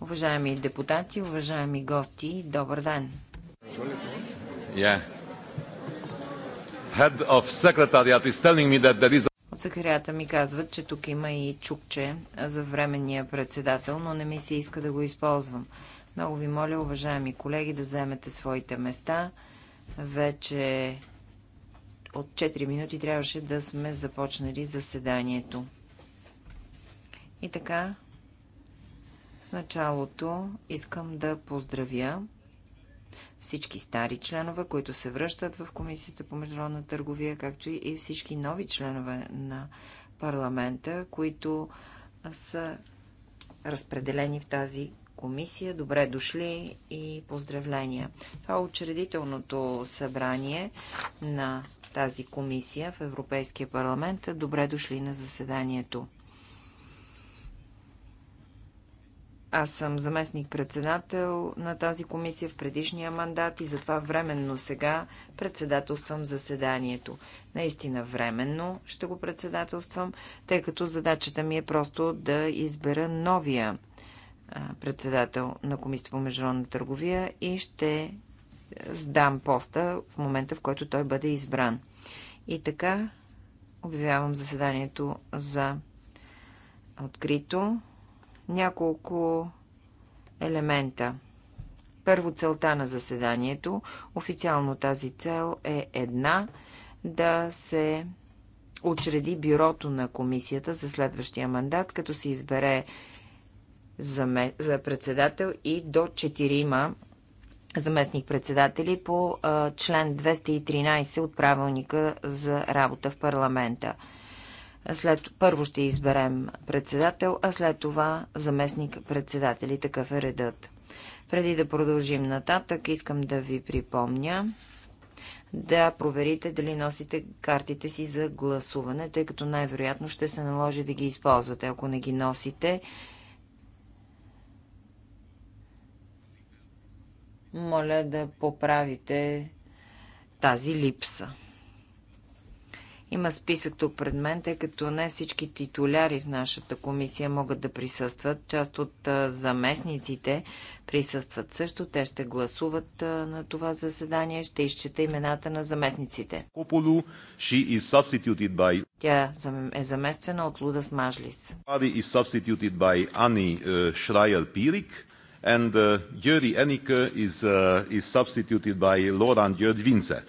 Уважаеми депутати, уважаеми гости, добър ден! От секретарията ми казват, че тук има и чукче за временния председател, но не ми се иска да го използвам. Много ви моля, уважаеми колеги, да вземете своите места. Вече от 4 минути трябваше да сме започнали заседанието. И така, началото искам да поздравя всички стари членове, които се връщат в Комисията по международна търговия, както и всички нови членове на парламента, които са разпределени в тази комисия. Добре дошли и поздравления. Това е учредителното събрание на тази комисия в Европейския парламент. Добре дошли на заседанието. Аз съм заместник-председател на тази комисия в предишния мандат и затова временно сега председателствам заседанието. Наистина временно ще го председателствам, тъй като задачата ми е просто да избера новия председател на Комисията по международна търговия и ще е, сдам поста в момента, в който той бъде избран. И така обявявам заседанието за открито няколко елемента. Първо целта на заседанието. Официално тази цел е една да се учреди бюрото на комисията за следващия мандат, като се избере за, председател и до четирима заместник-председатели по член 213 от правилника за работа в парламента. След, първо ще изберем председател, а след това заместник председатели. Такъв е редът. Преди да продължим нататък, искам да ви припомня да проверите дали носите картите си за гласуване, тъй като най-вероятно ще се наложи да ги използвате. Ако не ги носите, моля да поправите тази липса. Има списък тук пред мен, тъй като не всички титуляри в нашата комисия могат да присъстват. Част от заместниците присъстват също. Те ще гласуват на това заседание. Ще изчета имената на заместниците. Кополу, she is substituted by... Тя е заместена от Лудас Мажлис. Ади is substituted by Ани е, Шрайер Пирик and uh, Юри Enike is, uh, is substituted by Лоран Гьорд Vince.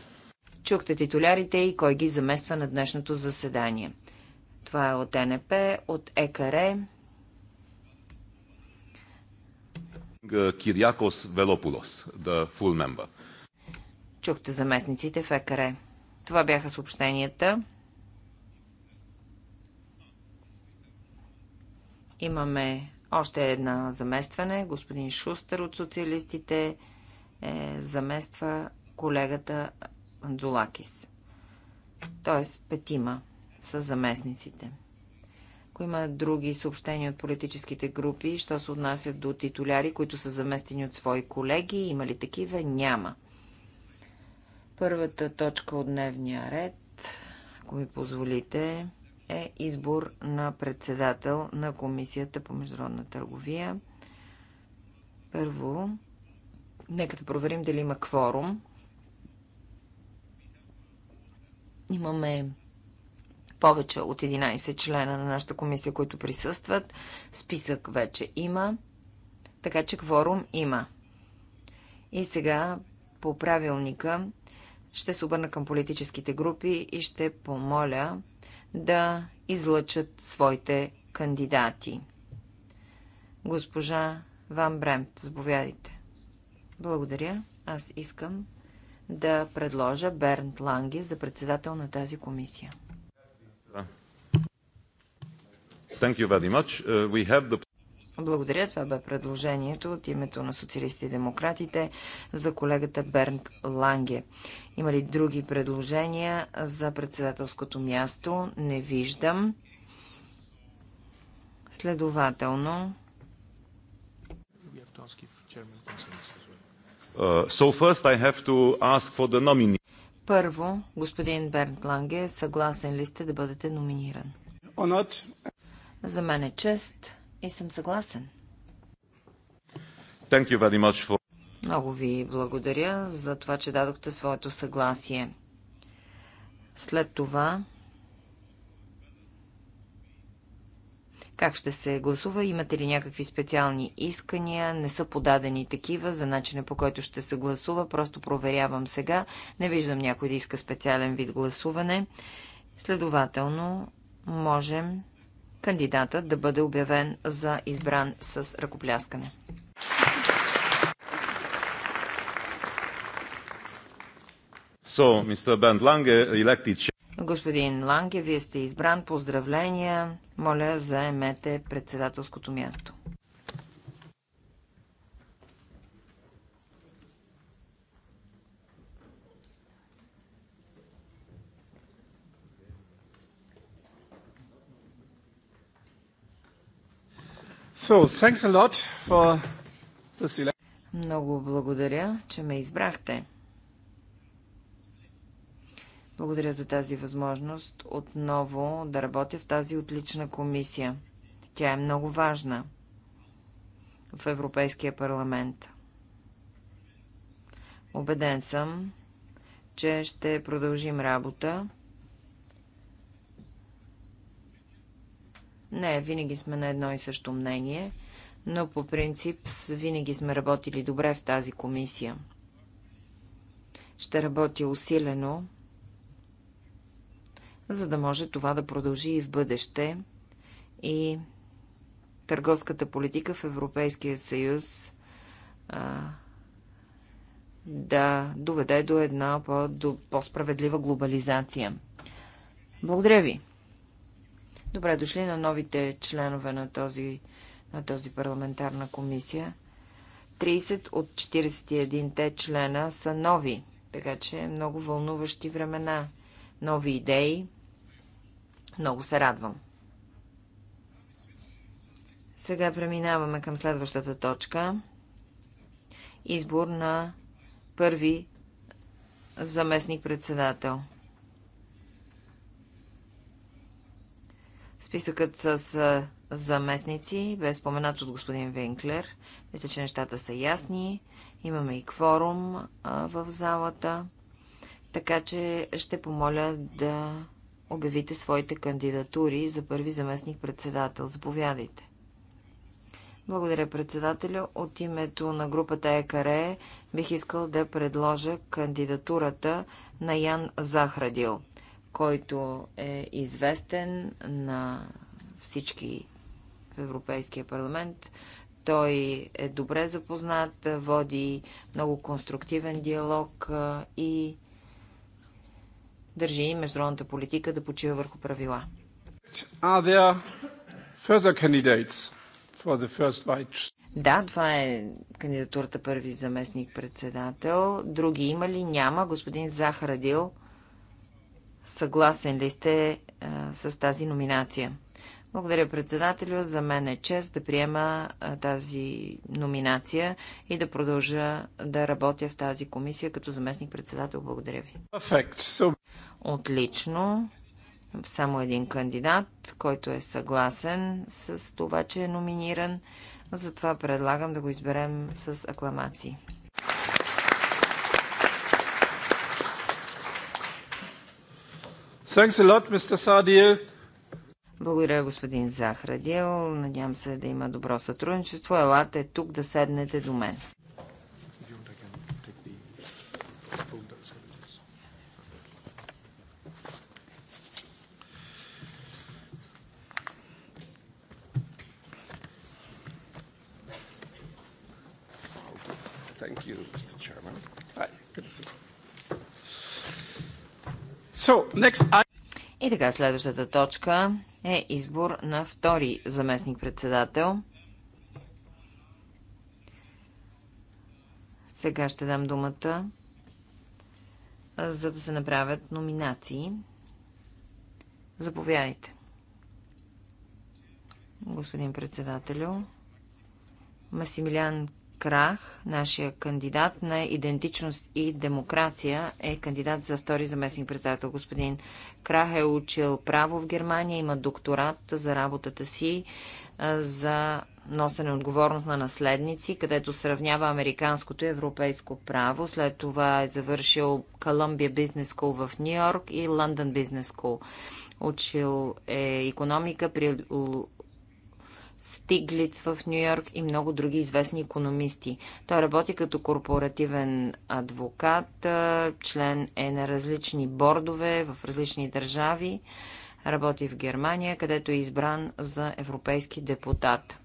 Чухте титулярите и кой ги замества на днешното заседание. Това е от НП, от ЕКР. Кириакос Велопулос, the full member. Чухте заместниците в ЕКР. Това бяха съобщенията. Имаме още една заместване. Господин Шустер от социалистите е, замества колегата Анзолакис. Тоест, петима са заместниците. Ако има други съобщения от политическите групи, що се отнасят до титуляри, които са заместени от свои колеги, има ли такива? Няма. Първата точка от дневния ред, ако ми позволите, е избор на председател на Комисията по международна търговия. Първо, нека да проверим дали има кворум. Имаме повече от 11 члена на нашата комисия, които присъстват. Списък вече има, така че кворум има. И сега по правилника ще се обърна към политическите групи и ще помоля да излъчат своите кандидати. Госпожа Ван Бремт, заповядайте. Благодаря. Аз искам да предложа Бернт Ланге за председател на тази комисия. Uh, the... Благодаря. Това бе предложението от името на социалисти и демократите за колегата Бернт Ланге. Има ли други предложения за председателското място? Не виждам. Следователно. We чермен to Uh, Първо, господин Бернт Ланге, съгласен ли сте да бъдете номиниран? За мен е чест и съм съгласен. Thank you very much for... Много ви благодаря за това, че дадохте своето съгласие. След това Как ще се гласува? Имате ли някакви специални искания? Не са подадени такива за начина по който ще се гласува. Просто проверявам сега. Не виждам някой да иска специален вид гласуване. Следователно, можем кандидатът да бъде обявен за избран с ръкопляскане. So, Mr. Lange, elected Господин Ланге, вие сте избран. Поздравления. Моля, заемете председателското място. So, Много благодаря, че ме избрахте. Благодаря за тази възможност отново да работя в тази отлична комисия. Тя е много важна в Европейския парламент. Обеден съм, че ще продължим работа. Не, винаги сме на едно и също мнение, но по принцип винаги сме работили добре в тази комисия. Ще работя усилено за да може това да продължи и в бъдеще и търговската политика в Европейския съюз а, да доведе до една по, по-справедлива глобализация. Благодаря ви! Добре дошли на новите членове на, този, на този парламентарна комисия. 30 от 41-те члена са нови, така че много вълнуващи времена – нови идеи. Много се радвам. Сега преминаваме към следващата точка. Избор на първи заместник-председател. Списъкът с заместници бе споменат от господин Венклер. Мисля, че нещата са ясни. Имаме и кворум в залата. Така че ще помоля да обявите своите кандидатури за първи заместник председател. Заповядайте. Благодаря, председателю. От името на групата ЕКАРЕ бих искал да предложа кандидатурата на Ян Захрадил, който е известен на всички в Европейския парламент. Той е добре запознат, води много конструктивен диалог и държи международната политика да почива върху правила. Да, това е кандидатурата първи заместник председател. Други има ли? Няма. Господин Захарадил, съгласен ли сте а, с тази номинация? Благодаря председателю. За мен е чест да приема а, тази номинация и да продължа да работя в тази комисия като заместник председател. Благодаря ви. Отлично. Само един кандидат, който е съгласен с това, че е номиниран. Затова предлагам да го изберем с акламации. Lot, Благодаря, господин Захрадил. Надявам се да има добро сътрудничество. Елате тук да седнете до мен. И така, следващата точка е избор на втори заместник-председател. Сега ще дам думата, за да се направят номинации. Заповядайте. Господин председателю, Масимилиан Крах, нашия кандидат на идентичност и демокрация, е кандидат за втори заместник председател. Господин Крах е учил право в Германия, има докторат за работата си за носене отговорност на наследници, където сравнява американското и европейско право. След това е завършил Columbia Business School в Нью Йорк и London Business School. Учил е економика при Стиглиц в Нью Йорк и много други известни економисти. Той работи като корпоративен адвокат, член е на различни бордове в различни държави. Работи в Германия, където е избран за европейски депутат.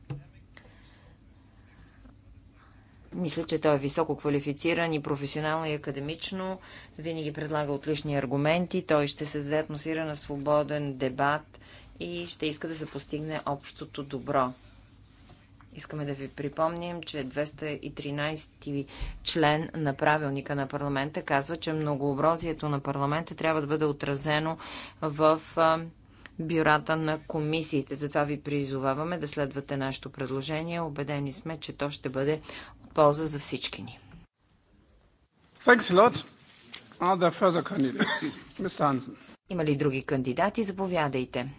Мисля, че той е високо квалифициран и професионално и академично. Винаги предлага отлични аргументи. Той ще създаде атмосфера на свободен дебат – и ще иска да се постигне общото добро. Искаме да ви припомним, че 213 член на правилника на парламента казва, че многообразието на парламента трябва да бъде отразено в бюрата на комисиите. Затова ви призоваваме да следвате нашето предложение. Обедени сме, че то ще бъде от полза за всички ни. Има ли други кандидати? Заповядайте.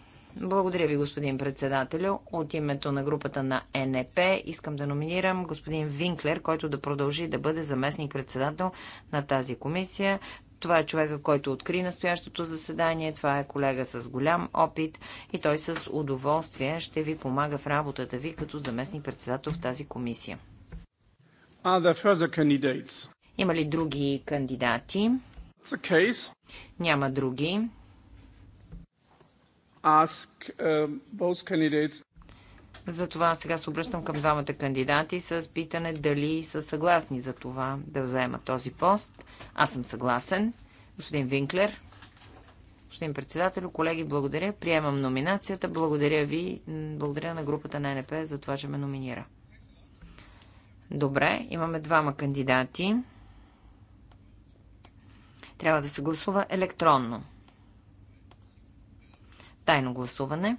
Благодаря ви, господин председателю. От името на групата на НП искам да номинирам господин Винклер, който да продължи да бъде заместник-председател на тази комисия. Това е човека, който откри настоящото заседание, това е колега с голям опит и той с удоволствие ще ви помага в работата ви като заместник-председател в тази комисия. Има ли други кандидати? Няма други. За това um, затова сега се обръщам към двамата кандидати с питане дали са съгласни за това да вземат този пост. Аз съм съгласен. Господин Винклер, господин председател, колеги, благодаря. Приемам номинацията. Благодаря ви. Благодаря на групата на НП за това, че ме номинира. Добре, имаме двама кандидати. Трябва да се гласува електронно. Тайно гласуване.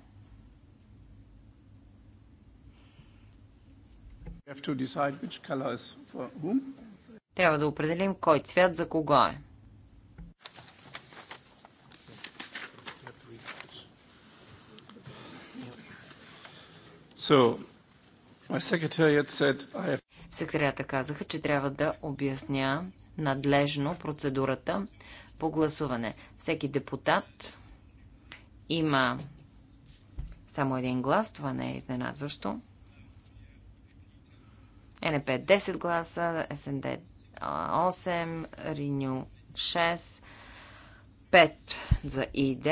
Трябва да определим кой цвят за кого е. В секретарията казаха, че трябва да обясня надлежно процедурата по гласуване. Всеки депутат има само един глас, това не е изненадващо. НП 10 е гласа, СНД 8, е, Риню 6, 5 за ИД,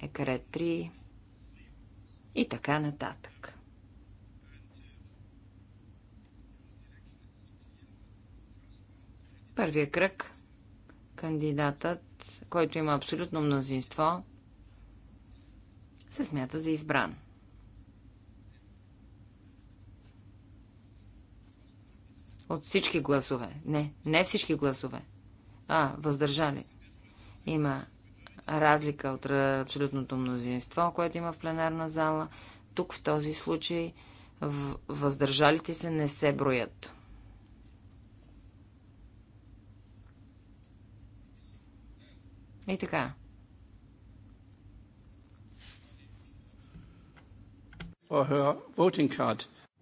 ЕКР 3 и така нататък. Първия кръг кандидатът, който има абсолютно мнозинство, се смята за избран. От всички гласове. Не, не всички гласове. А, въздържали. Има разлика от абсолютното мнозинство, което има в пленарна зала. Тук в този случай въздържалите се не се броят. И така.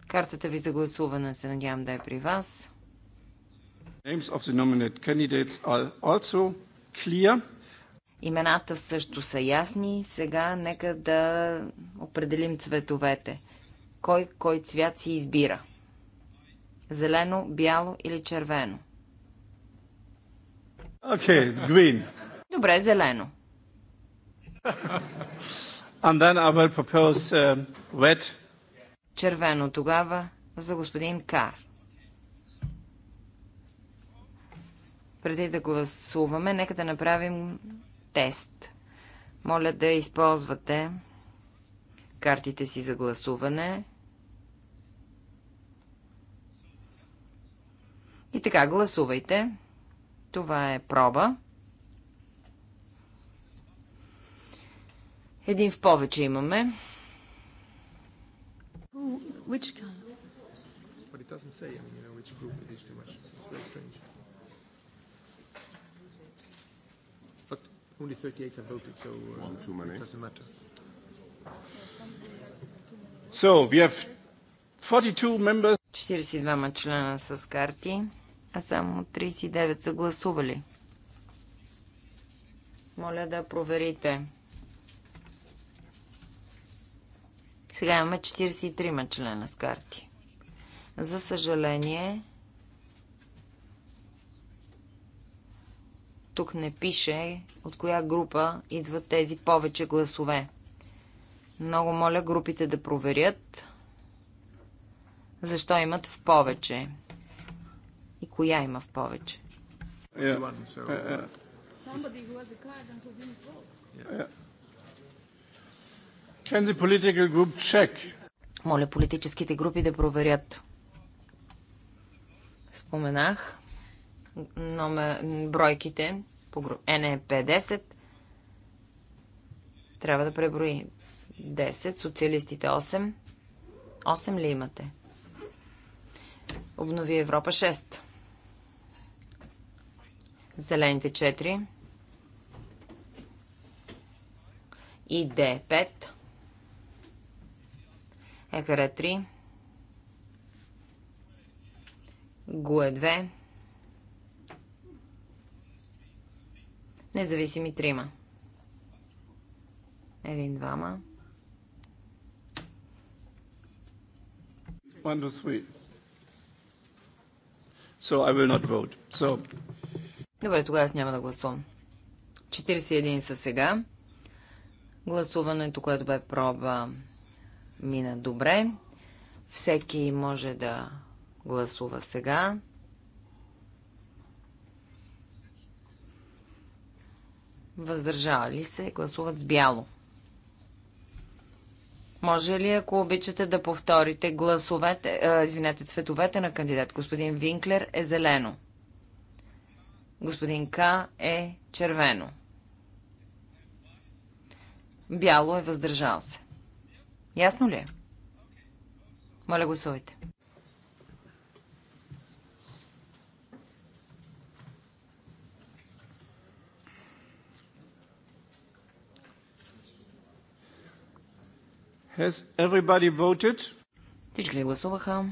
Картата ви за гласуване се надявам да е при вас. Имената също са ясни. Сега нека да определим цветовете. Кой кой цвят си избира? Зелено, бяло или червено? okay, green. Добре, зелено. And then I will propose uh, um, red. Червено тогава за господин Кар. Преди да гласуваме, нека да направим тест. Моля да използвате картите си за гласуване. И така, гласувайте. Това е проба. Един в повече имаме. So, we have 42 ма члена с карти, а само 39 са гласували. Моля да проверите. Сега имаме 43 члена с карти. За съжаление, тук не пише от коя група идват тези повече гласове. Много моля групите да проверят защо имат в повече и коя има в повече. Yeah. Can the political group check? Моля политическите групи да проверят. Споменах номер, бройките по НЕП 10. Трябва да преброи 10, социалистите 8. 8 ли имате? Обнови Европа 6. Зелените 4. И Д 5. Екаре 3. Гуе 2. Независими трима. Един, двама. One, two, So I will not vote. So... Добре, тогава аз няма да гласувам. 41 са сега. Гласуването, което бе проба мина добре. Всеки може да гласува сега. Въздържава ли се, гласуват с бяло. Може ли, ако обичате да повторите гласовете, а, извинете, цветовете на кандидат? Господин Винклер е зелено. Господин К е червено. Бяло е въздържал се. Ясно ли е? Моля, гласувайте. Has everybody voted? Всички ли гласуваха?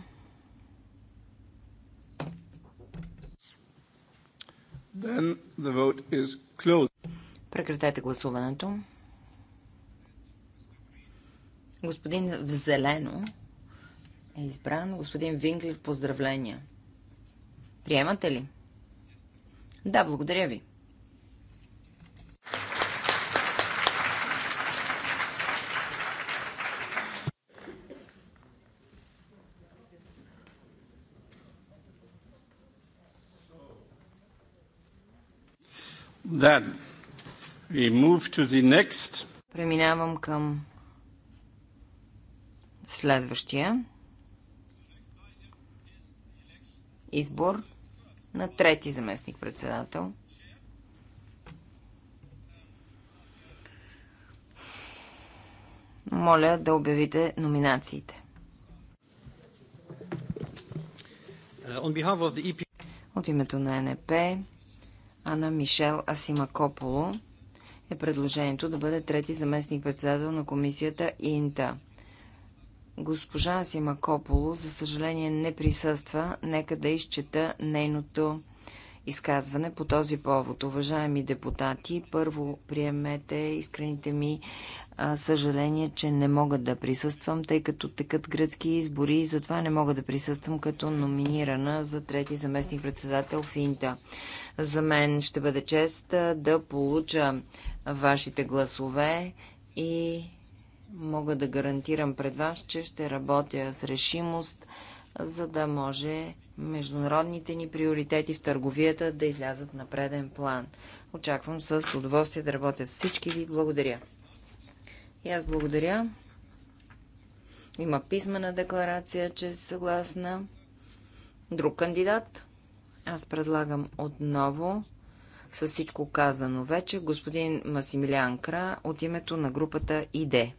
Then the vote is closed. Прекратете гласуването. Господин в зелено е избран. Господин Винглер, поздравления. Приемате ли? Да, благодаря ви. Then we move to the next. Преминавам към Следващия избор на трети заместник-председател. Моля да обявите номинациите. Uh, e От името на НП Ана Мишел Асимакополо е предложението да бъде трети заместник-председател на комисията ИНТА. Госпожа Сима Кополо, за съжаление, не присъства. Нека да изчета нейното изказване по този повод. Уважаеми депутати, първо приемете искрените ми съжаления, съжаление, че не мога да присъствам, тъй като текат гръцки избори и затова не мога да присъствам като номинирана за трети заместник председател в Инта. За мен ще бъде чест да получа вашите гласове и мога да гарантирам пред вас, че ще работя с решимост, за да може международните ни приоритети в търговията да излязат на преден план. Очаквам с удоволствие да работя с всички ви. Благодаря. И аз благодаря. Има писмена декларация, че е съгласна. Друг кандидат? Аз предлагам отново с всичко казано вече господин Масимилиан Кра от името на групата ИДЕ.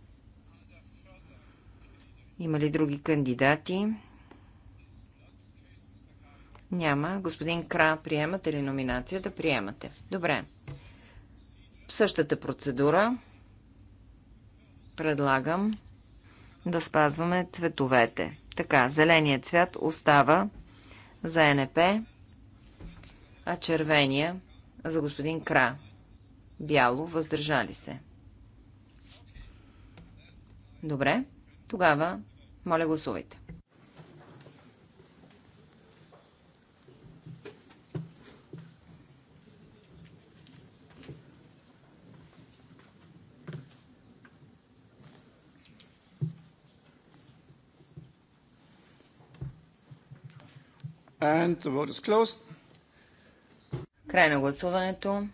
Има ли други кандидати? Няма. Господин Кра, приемате ли номинацията? Приемате. Добре. Същата процедура предлагам да спазваме цветовете. Така, зеленият цвят остава за НП, а червения за господин Кра. Бяло, въздържали се. Добре. Тогава, моля гласувайте. Край на гласуването.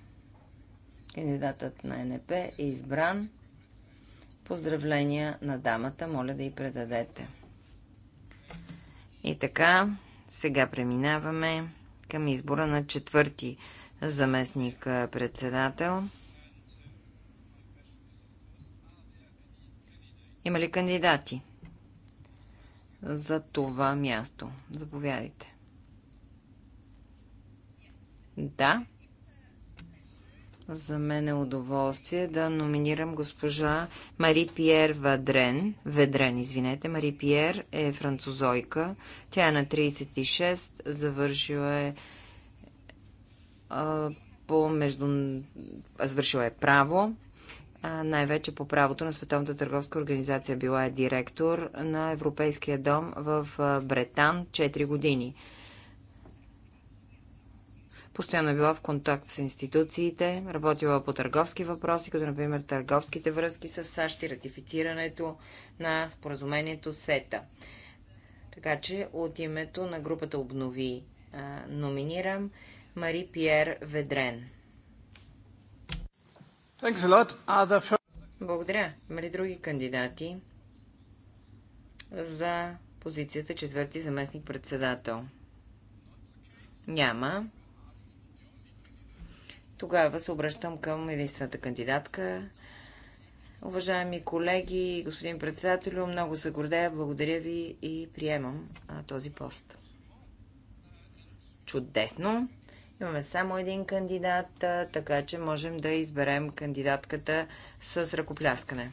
Кандидатът на НП е избран. Поздравления на дамата, моля да й предадете. И така, сега преминаваме към избора на четвърти заместник председател. Има ли кандидати за това място? Заповядайте. Да. За мен е удоволствие да номинирам госпожа Мари Пьер Вадрен. Ведрен, извинете. Мари Пьер е французойка. Тя е на 36, завършила е а, по между... завършила е право. най-вече по правото на Световната търговска организация била е директор на Европейския дом в Бретан 4 години. Постоянно е била в контакт с институциите, работила по търговски въпроси, като например търговските връзки с САЩ и ратифицирането на споразумението СЕТА. Така че от името на групата Обнови номинирам Мари Пьер Ведрен. Благодаря. Има ли други кандидати за позицията четвърти заместник председател? Няма. Тогава се обръщам към единствената кандидатка. Уважаеми колеги, господин председател, много се гордея, благодаря ви и приемам а, този пост. Чудесно! Имаме само един кандидат, така че можем да изберем кандидатката с ръкопляскане.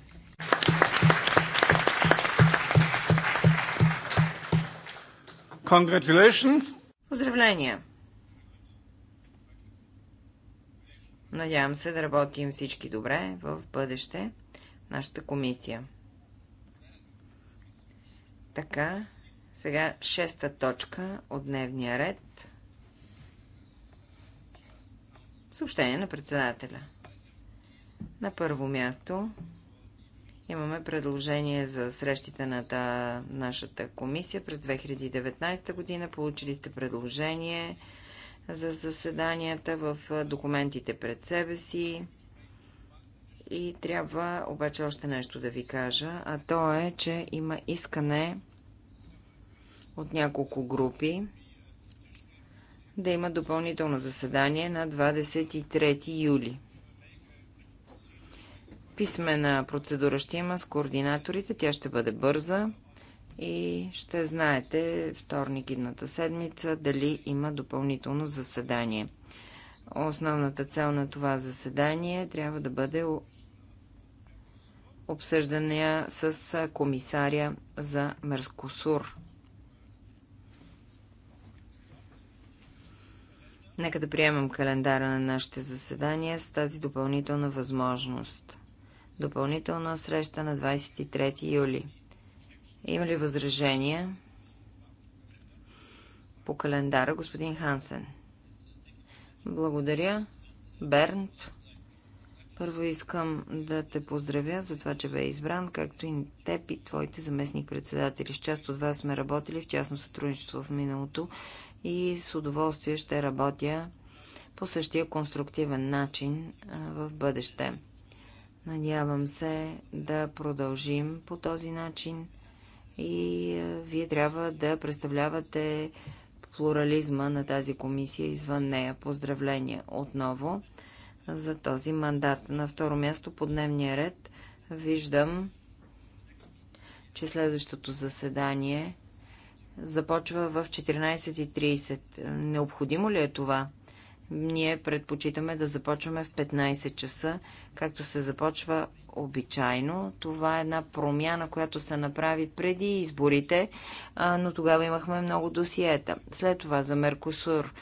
Congratulations! Поздравления! Надявам се да работим всички добре в бъдеще нашата комисия. Така, сега шеста точка от дневния ред. Съобщение на председателя. На първо място имаме предложение за срещите на та, нашата комисия през 2019 година. Получили сте предложение за заседанията в документите пред себе си. И трябва обаче още нещо да ви кажа, а то е, че има искане от няколко групи да има допълнително заседание на 23 юли. Писмена процедура ще има с координаторите, тя ще бъде бърза и ще знаете вторник едната седмица дали има допълнително заседание. Основната цел на това заседание трябва да бъде обсъждане с комисаря за Мерскосур. Нека да приемам календара на нашите заседания с тази допълнителна възможност. Допълнителна среща на 23 юли. Има ли възражения по календара, господин Хансен? Благодаря. Бернт, първо искам да те поздравя за това, че бе избран, както и теб и твоите заместник-председатели. С част от вас сме работили в тясно сътрудничество в миналото и с удоволствие ще работя по същия конструктивен начин в бъдеще. Надявам се да продължим по този начин и е, вие трябва да представлявате плурализма на тази комисия извън нея. Поздравления отново за този мандат. На второ място по дневния ред виждам, че следващото заседание започва в 14.30. Необходимо ли е това? Ние предпочитаме да започваме в 15 часа, както се започва обичайно. Това е една промяна, която се направи преди изборите, но тогава имахме много досиета. След това за Меркосур.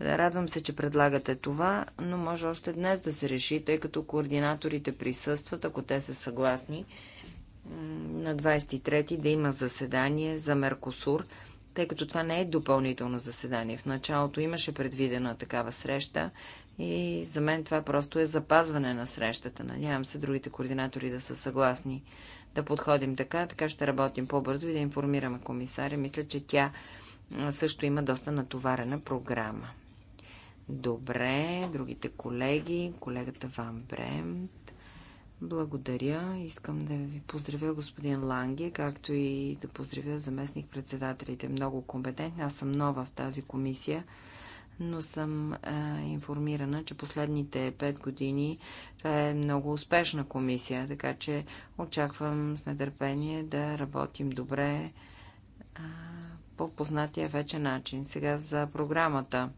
Радвам се, че предлагате това, но може още днес да се реши, тъй като координаторите присъстват, ако те са съгласни, на 23-ти да има заседание за Меркосур – тъй като това не е допълнително заседание. В началото имаше предвидена такава среща и за мен това просто е запазване на срещата. Надявам се другите координатори да са съгласни да подходим така, така ще работим по-бързо и да информираме комисаря. Мисля, че тя също има доста натоварена програма. Добре, другите колеги, колегата Ван Брем. Благодаря. Искам да ви поздравя господин Ланге, както и да поздравя заместник-председателите. Много компетентни. Аз съм нова в тази комисия, но съм а, информирана, че последните пет години това е много успешна комисия, така че очаквам с нетърпение да работим добре а, по познатия вече начин. Сега за програмата.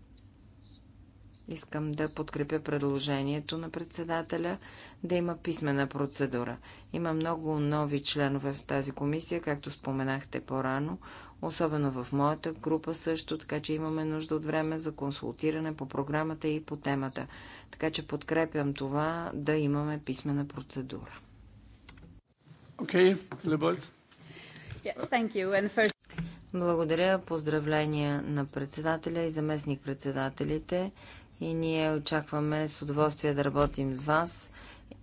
Искам да подкрепя предложението на председателя да има писмена процедура. Има много нови членове в тази комисия, както споменахте по-рано, особено в моята група също, така че имаме нужда от време за консултиране по програмата и по темата. Така че подкрепям това да имаме писмена процедура. Okay, first... Благодаря. Поздравления на председателя и заместник-председателите и ние очакваме с удоволствие да работим с вас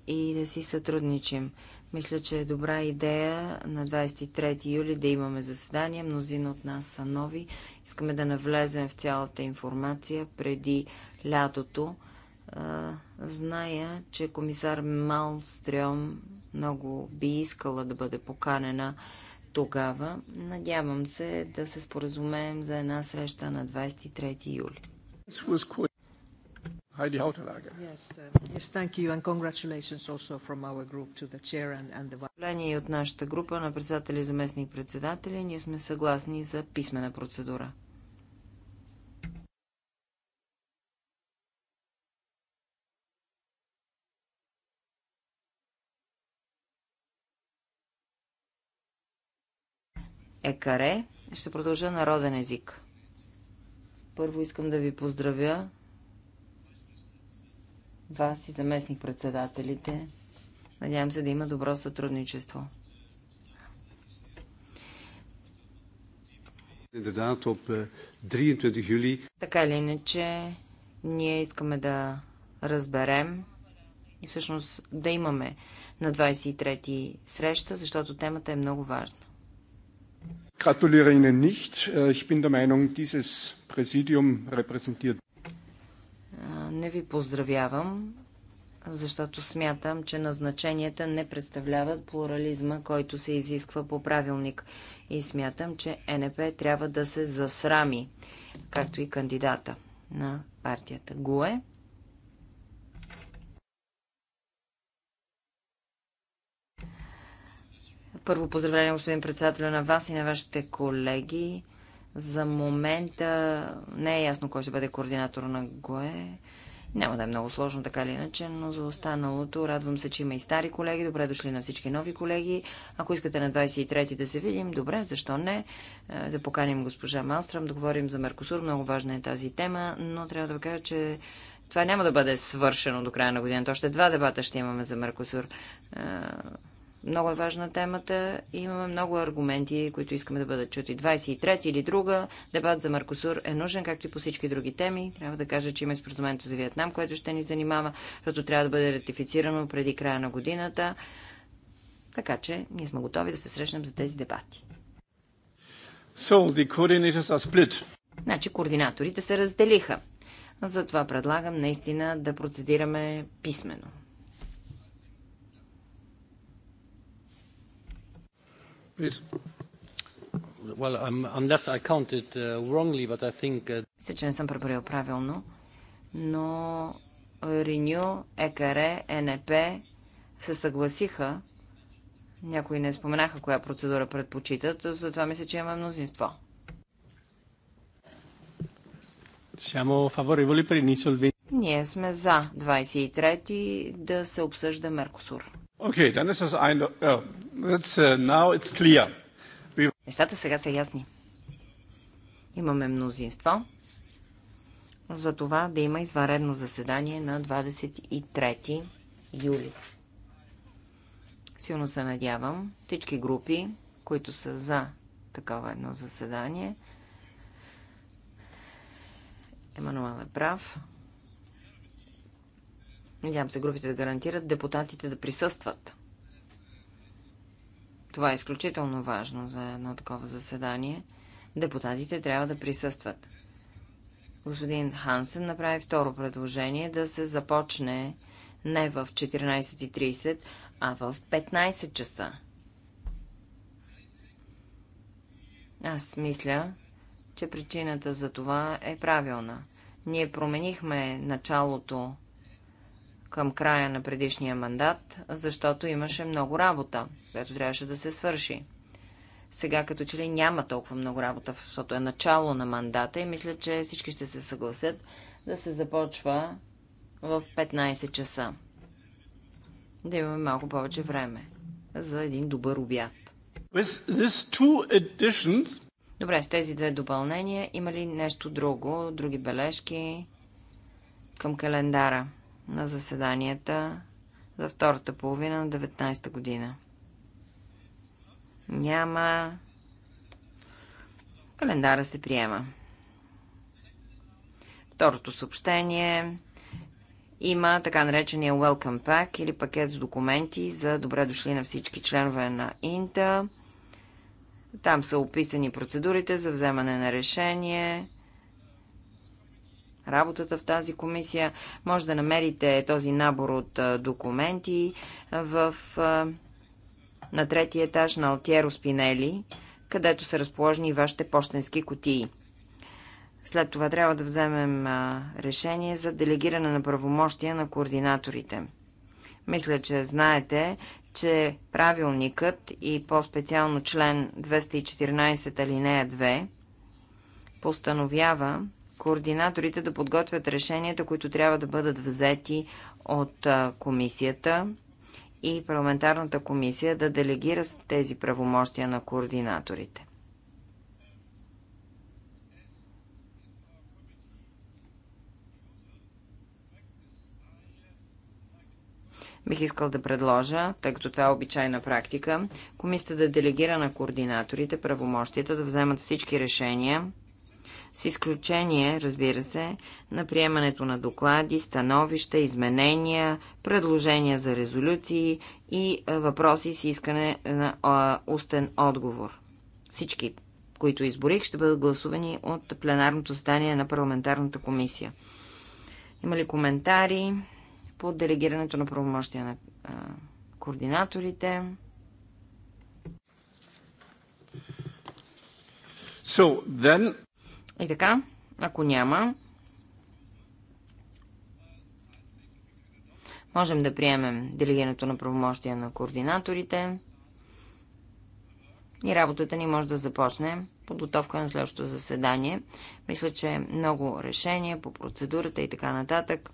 и да си сътрудничим. Мисля, че е добра идея на 23 юли да имаме заседание. Мнозина от нас са нови. Искаме да навлезем в цялата информация преди лятото. Зная, че комисар Малстрем много би искала да бъде поканена тогава. Надявам се да се споразумеем за една среща на 23 юли. Heidi Hautalaga. Yes, um, yes, thank you and congratulations also from our group to the chair and, and the vice. от нашата група на председатели и заместник председатели, ние сме съгласни за писмена процедура. Екаре ще продължа народен език. Първо искам да ви поздравя вас и заместник-председателите. Надявам се да има добро сътрудничество. Inderdaad, op 23 juli. Така или иначе, ние искаме да разберем и всъщност да имаме на 23 ти среща, защото темата е много важна. Gratuliere Ihnen nicht. Äh, ich bin der Meinung, dieses Präsidium repräsentiert. Не ви поздравявам, защото смятам, че назначенията не представляват плурализма, който се изисква по правилник. И смятам, че НП трябва да се засрами, както и кандидата на партията ГУЕ. Първо поздравление, господин председател, на вас и на вашите колеги. За момента не е ясно кой ще бъде координатор на ГОЕ. Няма да е много сложно така или иначе, но за останалото радвам се, че има и стари колеги. Добре дошли на всички нови колеги. Ако искате на 23-ти да се видим, добре, защо не? Е, да поканим госпожа Малстрам, да говорим за Меркосур. Много важна е тази тема, но трябва да ви кажа, че това няма да бъде свършено до края на годината. Още два дебата ще имаме за Меркосур. Е, много е важна темата и имаме много аргументи, които искаме да бъдат чути. 23 или друга дебат за Маркосур е нужен, както и по всички други теми. Трябва да кажа, че има споразумението за Виетнам, което ще ни занимава, защото трябва да бъде ратифицирано преди края на годината. Така че ние сме готови да се срещнем за тези дебати. So, the split. Значи координаторите се разделиха. Затова предлагам наистина да процедираме писменно. Please. Well, um, unless I counted uh, wrongly, but I think... Uh, мисля, че не съм преборил правилно, но Реню, ЕКР, НП се съгласиха. Някои не споменаха коя процедура предпочитат, затова мисля, че има мнозинство. Ние сме за 23-ти да се обсъжда Меркосур. Окей, okay, dann Uh, We... Нещата сега са ясни. Имаме мнозинство за това да има изваредно заседание на 23 юли. Силно се надявам всички групи, които са за такова едно заседание, Емануел е прав. Надявам се групите да гарантират депутатите да присъстват. Това е изключително важно за едно такова заседание. Депутатите трябва да присъстват. Господин Хансен направи второ предложение да се започне не в 14.30, а в 15 часа. Аз мисля, че причината за това е правилна. Ние променихме началото към края на предишния мандат, защото имаше много работа, която трябваше да се свърши. Сега като че ли няма толкова много работа, защото е начало на мандата и мисля, че всички ще се съгласят да се започва в 15 часа. Да имаме малко повече време за един добър обяд. Additions... Добре, с тези две допълнения има ли нещо друго, други бележки към календара? на заседанията за втората половина на 19-та година. Няма. Календара се приема. Второто съобщение има така наречения Welcome Pack или пакет с документи за добре дошли на всички членове на Инта. Там са описани процедурите за вземане на решение работата в тази комисия. Може да намерите този набор от документи в, на третия етаж на Алтиеро Спинели, където са разположени вашите почтенски кутии. След това трябва да вземем решение за делегиране на правомощия на координаторите. Мисля, че знаете, че правилникът и по-специално член 214 алинея 2 постановява, координаторите да подготвят решенията, които трябва да бъдат взети от комисията и парламентарната комисия да делегира тези правомощия на координаторите. Бих искал да предложа, тъй като това е обичайна практика, комисията да делегира на координаторите правомощията да вземат всички решения, с изключение, разбира се, на приемането на доклади, становища, изменения, предложения за резолюции и е, въпроси с искане на устен отговор. Всички, които изборих, ще бъдат гласувани от пленарното стание на парламентарната комисия. Има ли коментари по делегирането на правомощия на координаторите? So then... И така, ако няма, можем да приемем делегирането на правомощия на координаторите и работата ни може да започне подготовка на следващото заседание. Мисля, че е много решения по процедурата и така нататък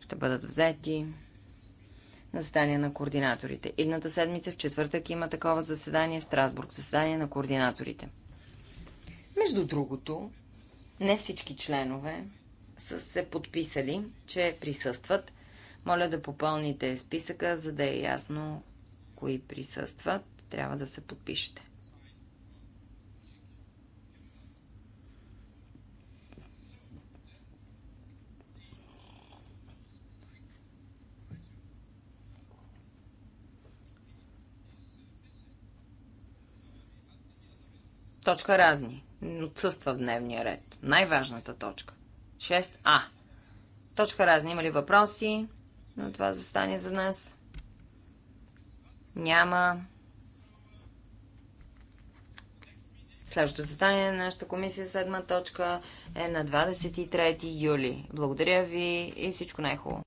ще бъдат взети на заседание на координаторите. Идната седмица в четвъртък има такова заседание в Страсбург, заседание на координаторите. Между другото, не всички членове са се подписали, че присъстват. Моля да попълните списъка, за да е ясно кои присъстват. Трябва да се подпишете. Точка разни. Отсъства в дневния ред. Най-важната точка. 6А. Точка разни. Има ли въпроси на това застане за нас? Няма. Следващото застане на нашата комисия, седма точка, е на 23 юли. Благодаря ви и всичко най-хубаво.